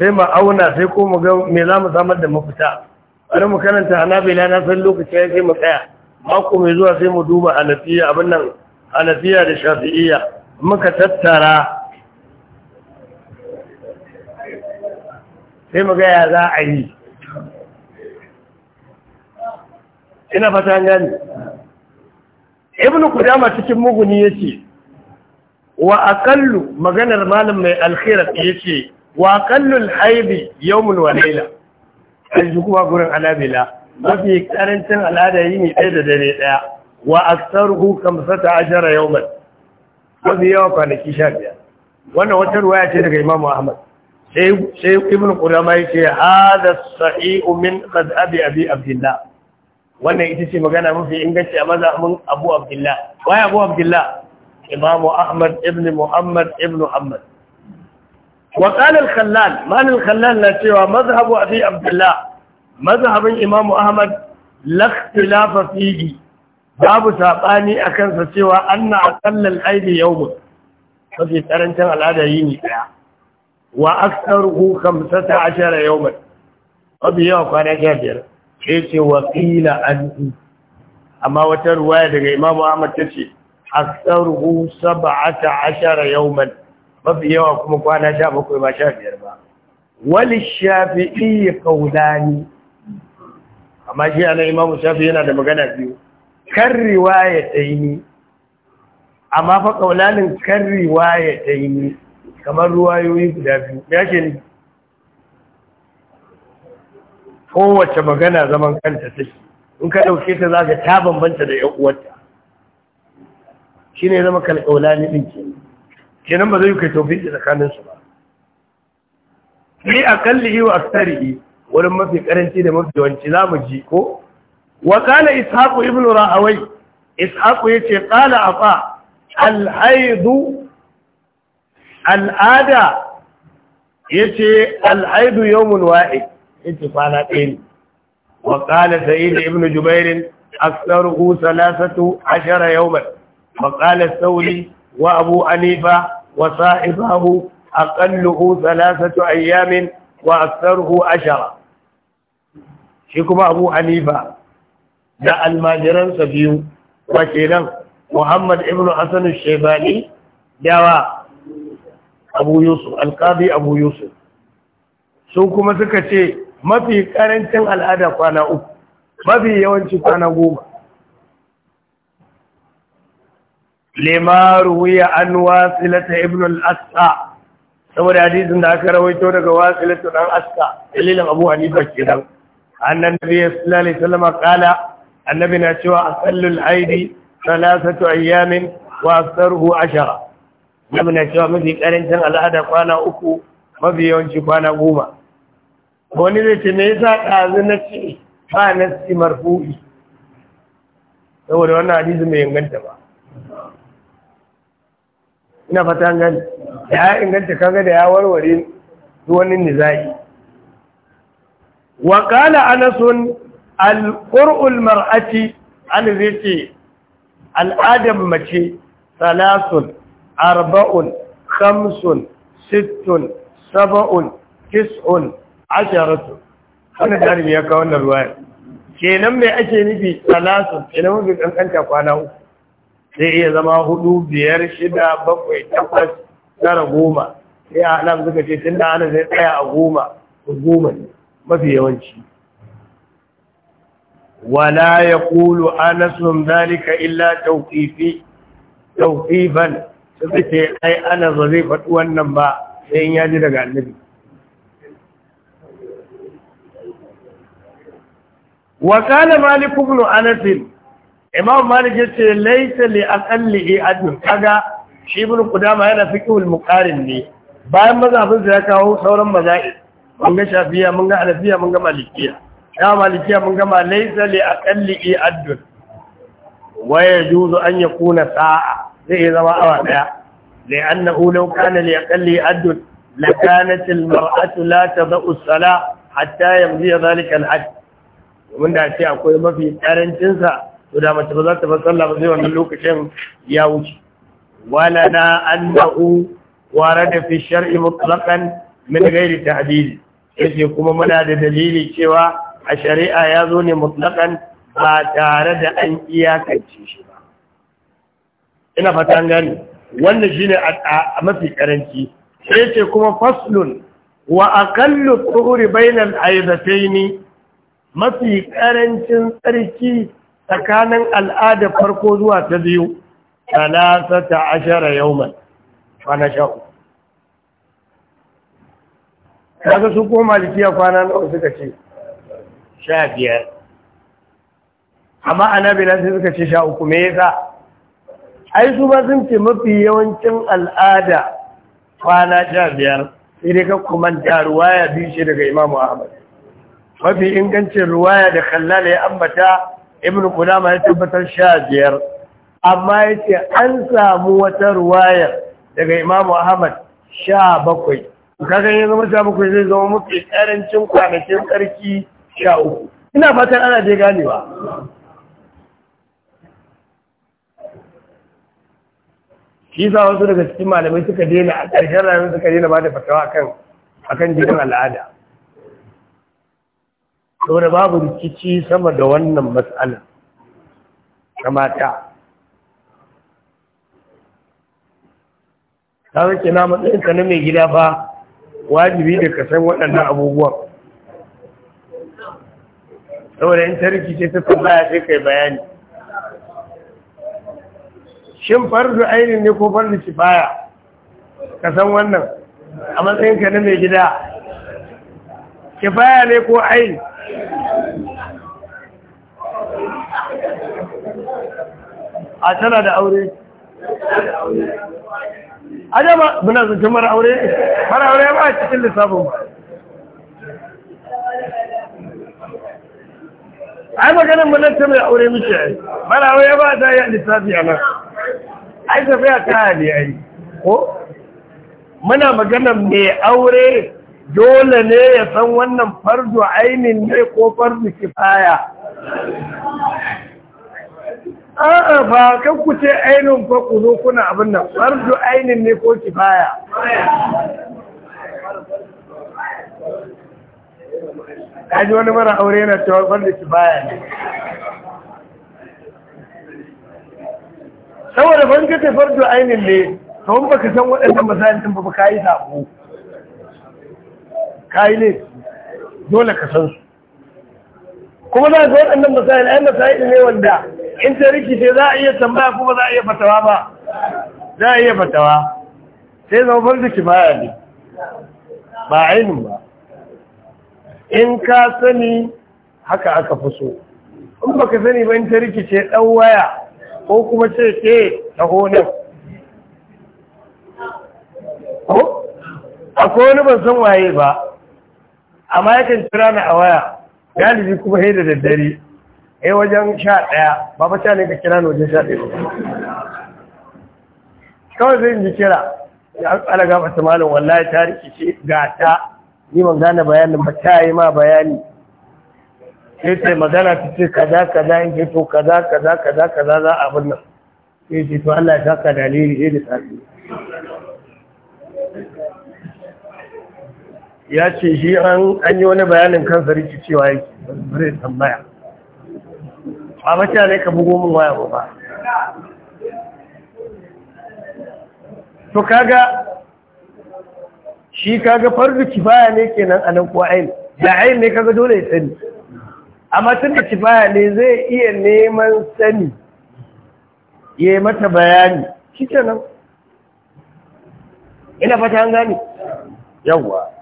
sai mu auna sai ko mu ga me za mu samar da mafita bari mu karanta hanabila na san lokaci ya sai mu tsaya mako mai zuwa sai mu duba hanafiya abin nan hanafiya da shafi'iyya muka tattara sai mu ga ya za a yi ina fata gani ibnu kudama cikin muguni yace wa aqallu maganar malam mai alkhira yace wa kallon haibi yawmun wa laila an ji kuma gurin alabila mafi karancin al'ada yi ne ɗaya da dare ɗaya wa aksaruhu a ajara yawman mafi yawa kwanaki sha biyar wannan wata ruwaya ce daga imamu ahmad sai ibn ce, ha da sahihu min qadabi abi abdullah wannan ita ce magana mafi inganci a mazamin abu abdullah wai abu abdullah imamu ahmad ibn muhammad ibn muhammad وقال الخلال معنى الخلال نتوى مذهب أبي عبد الله مذهب إمام أحمد لا اختلاف فيه babu saɓani a kansa cewa an na aƙallar aidi yau mafi ƙarancin al'ada yi ne ɗaya wa aksar hukam sata ashara yau mai yawa kwana sha biyar ce ce wa amma ruwaya daga Imam ahmad ta ce mafi yawa kuma kwana sha bakwai ba sha biyar ba wali shafi'i kaulani amma shi ana imamu shafi yana da magana biyu kan riwaya ɗaini amma fa kaulanin kan riwaya ɗaini kamar ruwayoyi guda biyu ya ke ni kowace magana zaman kanta take in ka ɗauke ta za ka ta bambanta da ‘yan uwarta shi ne zama kalkaulani ɗin ke kenan ba zai kai tawfiki tsakanin su ba li aqallihi wa aktsarihi wurin mafi karanci da mafi yawanci mu ji ko wa qala ishaqu ibn rahawai ishaqu yace qala afa al haid al ada yace al haid yawmun wahid yace kwana ɗaya ne wa qala sa'id ibn jubair aktharu thalathatu ashara yawman wa qala sauli wa abu anifa وصاحبه أقله ثلاثة أيام وأكثره عشرة شكم أبو حنيفة دا الماجران سبيو وكينا محمد ابن حسن الشيباني دعوا أبو يوسف القاضي أبو يوسف سوكما سكتي ما في كارنتين الأدى قانا أبو ما في يوانشي قانا قوما lima ruwiya an wasilata ibn al-asqa saboda hadisin da aka rawaito daga wasilata dan asqa dalilin abu hanifa kenan annan nabi sallallahu alaihi wasallam qala annabi na cewa asallul aidi thalathatu ayyamin wa aktharuhu ashara annabi na cewa mafi karancin al'ada kwana uku mafi yawanci kwana goma wani zai ce me yasa ɗazu na ce ba nasi marfu'i saboda wannan hadisi mai inganta ba ina fata gani ya inganta kanga da ya warware wani nizai wa qala anasun al-qur'ul mar'ati an zai al'adam mace salasun arba'un khamsun sittun saba'un tis'un asharatu wannan jarumi ya kawo wannan ruwaya kenan me ake nufi salasun kenan mafi kankanta kwana uku zai iya zama hudu biyar shida bakwai tabbas, tara goma sai a halam suka ce tun da ana zai tsaya a goma goma ne mafi yawanci wala ya kulu anasun zalika illa tauƙifi tauƙifan su ce ai ana zo zai faɗi wannan ba sai in ji daga annabi wa مالك بن ibn imam malik ya ce laisa li aqalli adun kaga shi ibn qudama yana fiqhul muqarin ne bayan mazhabin ya kawo sauran mazahib mun ga shafiya mun ga alafiya mun ga malikiya ya malikiya mun ga laisa li aqalli adun wa yajuzu an yakuna sa'a zai zama awa daya لأنه لو كان لأقل عد لكانت المرأة لا تضع الصلاة حتى يمضي ذلك الحد ومن دعسي أقول ما في كارن تنسى to da mace ba za ta bar sallah ba sai wannan lokacin ya wuce wala na annahu warada fi shar'i mutlaqan min ghairi tahdid yake kuma muna da dalili cewa a shari'a ya zo ne mutlaqan ba tare da an iyakance shi ba ina fatan gani wannan shine a mafi karanci sai ce kuma faslun wa aqallu tuhuri bainal aidataini mafi karancin tsarki tsakanin al'ada farko zuwa ta biyu ta ashara mai kwana sha uku kaga su ko malikiya kwana na suka ce sha biyar amma anabila sai suka ce sha uku me yasa ai su ba sun ce mafi yawancin al'ada kwana sha biyar sai dai ka kumanta ruwaya biyu ce daga imamu ahmad mafi ingancin ruwaya da kallala ya ambata ibn Kudama ya tabbatar sha biyar amma yace an samu wata ruwaya daga imam ahmad sha bakwai kakan ya zama sha bakwai zai zama mafi karancin kwanakin tsarki sha uku ina fatan ana dai ganewa shi sa wasu daga cikin malamai suka daina a ƙarshen rayuwa suka daina ba da fatawa akan gidan al'ada saboda babu rikici sama da wannan matsala ta mata ta zake na matsayinka na mai gida ba wajibi da ka san waɗannan abubuwan saboda in ta rikice ta tambaya sai kai bayani shin farzu ainihin ne ko farzu baya ka san wannan a matsayinka na mai gida kifaya ne ko ainihin a tana da aure aja ba muna zancen mara aure mara aure ba a cikin lissafin ba yi maganin mulanta mai aure ya yi. mara aure ba ta yi a lissafi a nan ai tafiya kaya ne ai ko muna maganin mai aure dole ne ya san wannan fardu ainin ne ko fardu kifaya a'a ba kan ku ce ainin ko ku zo kuna abin nan fardu ainin ne ko kifaya ji wani mara aure na cewa fardu kifaya ne saboda ban kace fardu ainin ne to baka ka san waɗannan misalin ba ba ka yi sabo kayi ne dole ka san su kuma za ga waɗannan masail ai masayin ne wanda in ta rikice za a iya tambaya kuma za a iya fatawa ba za a iya fatawa sai zama farko kifaya ne ba ainihin ba in ka sani haka aka fi so in baka sani ba in ta rikice ɗan waya ko kuma ce ke eh, taho nan akwai wani ban san waye ba amma yakan kira ni a waya galibi kuma hei da daddare eh wajen sha ɗaya ba ba ne ka kira ni wajen sha ɗaya kawai zai ji kira ya ala gaba ta malam wallahi ta rikice ga ta Yi ma gane bayanin ba ta yi ma bayani sai ta magana ta ce kaza kaza in ce to kaza kaza kaza kaza za a abin nan sai ce to Allah ya saka dalili sai da tafi ya ce shi an yi wani bayanin kansa rikici cewa yake zai tambaya a ne ka bugo min waya ba to kaga shi kaga farzu kifaya ne kenan nan ko ayin da ayin ne kaga dole ya sani amma tun da kifaya ne zai iya neman sani ya mata bayani shi nan. ina fata an gane yawwa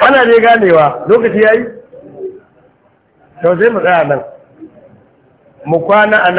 ana ne ganewa lokaci ya yi? sau sai mu tsaya nan mu kwana a nan